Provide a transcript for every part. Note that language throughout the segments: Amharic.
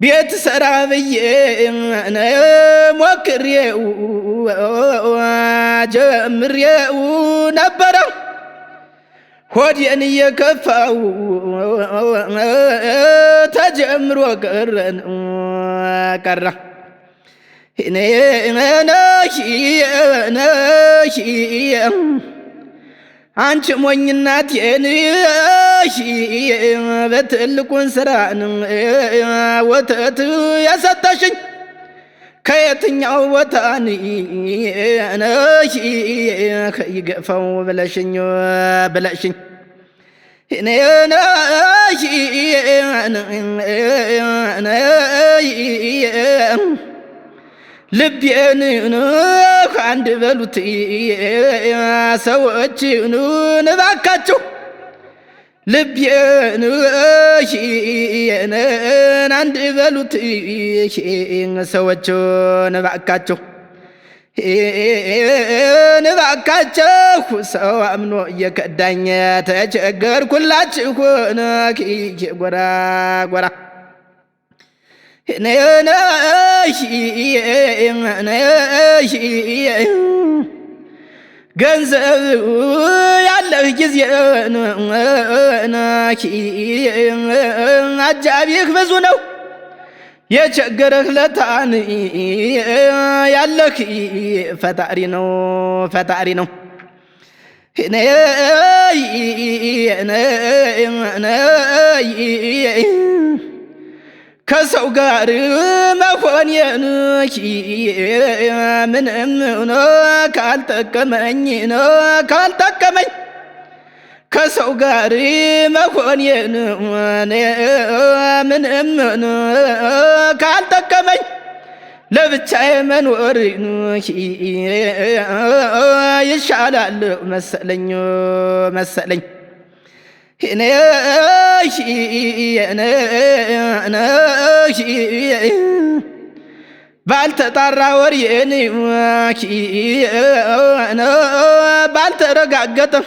ቤት ሰራ ብዬ ሞክሬው ጀምሬው ነበረ ሆዴን እየከፋው ተጀምሮ ቀረን ቀራ ነሽ አንቺ ሞኝናት የንሽ በትልቁን ስራን ወተት ያሰጠሽኝ ከየትኛው ቦታን ነሽ ይገፋው ብለሽኝ ብለሽኝ ልቤን አንድ በሉት ሰዎች እባካችሁ ልቤን አንድ በሉት እባካችሁ ንባካችሁ ሰው አምኖ እየከዳኝ ተቸገርኩላችሁን ኪኬ ጎራ ጎራ ገንዘብ ያለህ ጊዜ አጃቢህ ብዙ ነው። የቸገረህ ለታን ያለህ ፈጣሪ ነው ፈጣሪ ነው። ከሰው ጋር መሆኔን ምንም ነው ካልጠቀመኝ ነው ካልጠቀመኝ ከሰው ጋር መሆኔን ምንም ካልጠቀመኝ ለብቻዬ መኖር ይሻላል መሰለኝ መሰለኝ ባልተጣራ ወሬን ባልተረጋገጠም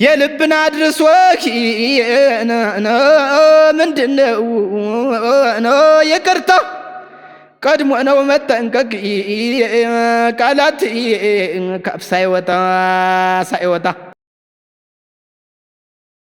يا لبنا ادرس وك انا انا من دنا انا يا كرتا قد مو انا ومت انك قالت كف سايوتا سايوتا